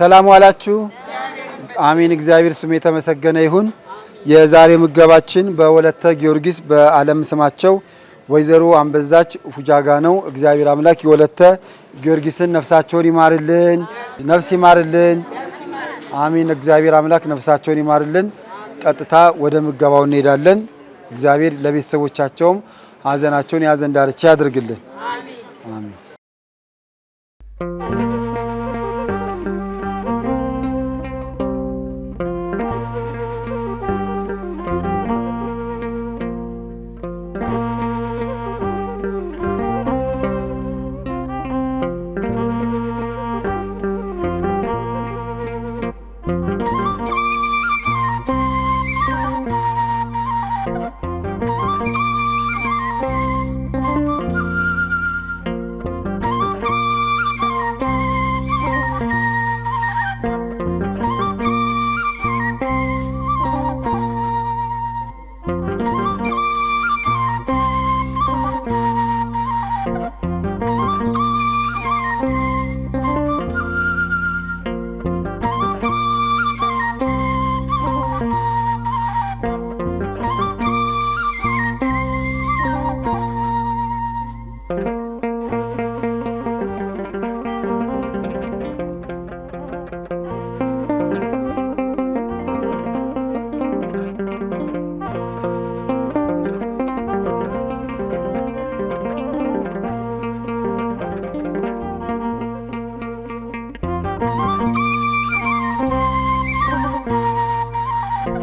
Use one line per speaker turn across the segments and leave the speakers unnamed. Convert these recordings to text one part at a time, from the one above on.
ሰላም ዋላችሁ። አሜን። እግዚአብሔር ስሙ የተመሰገነ ይሁን። የዛሬ ምገባችን በወለተ ጊዮርጊስ በዓለም ስማቸው ወይዘሮ አንበዛች ፉጃጋ ነው። እግዚአብሔር አምላክ የወለተ ጊዮርጊስን ነፍሳቸውን ይማርልን፣ ነፍስ ይማርልን። አሜን። እግዚአብሔር አምላክ ነፍሳቸውን ይማርልን። ቀጥታ ወደ ምገባው እንሄዳለን። እግዚአብሔር ለቤተሰቦቻቸውም ሀዘናቸውን የሀዘን ዳርቻ ያድርግልን።
አሜን።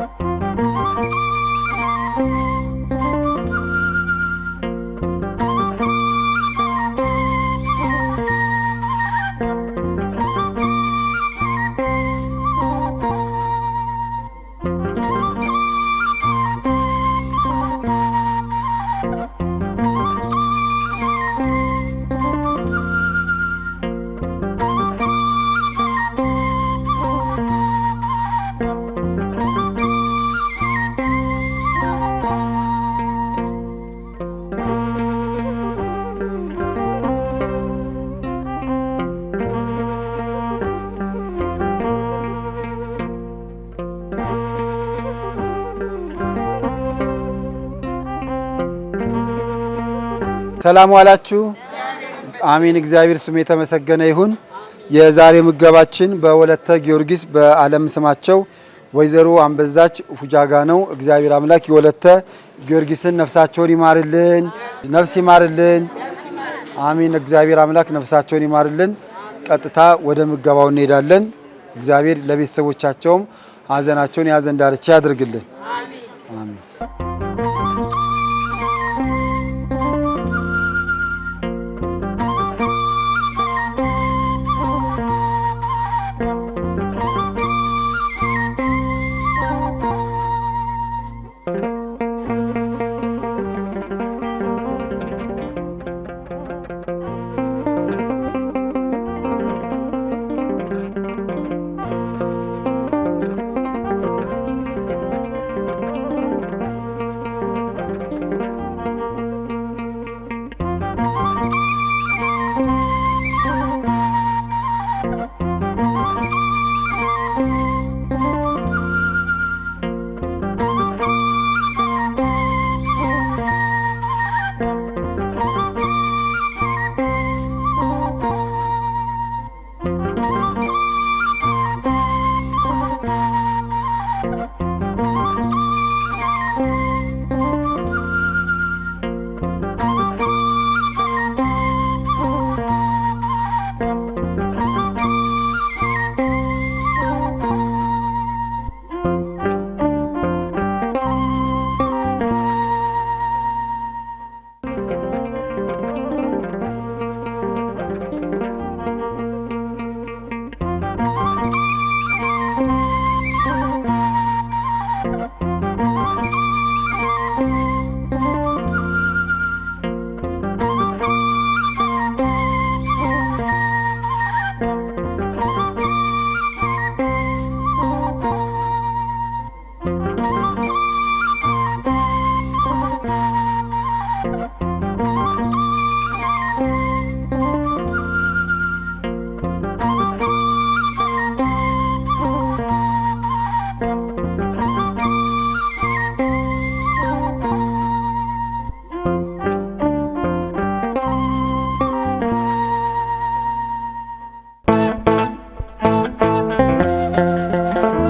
Bye. ሰላም ዋላችሁ። አሜን። እግዚአብሔር ስሙ የተመሰገነ ይሁን። የዛሬ ምገባችን በወለተ ጊዮርጊስ በዓለም ስማቸው ወይዘሮ አንበዛች ፉጃጋ ነው። እግዚአብሔር አምላክ የወለተ ጊዮርጊስን ነፍሳቸውን ይማርልን፣ ነፍስ ይማርልን። አሜን። እግዚአብሔር አምላክ ነፍሳቸውን ይማርልን። ቀጥታ ወደ ምገባው እንሄዳለን። እግዚአብሔር ለቤተሰቦቻቸውም ሀዘናቸውን የሀዘን ዳርቻ ያደርግልን።
አሜን።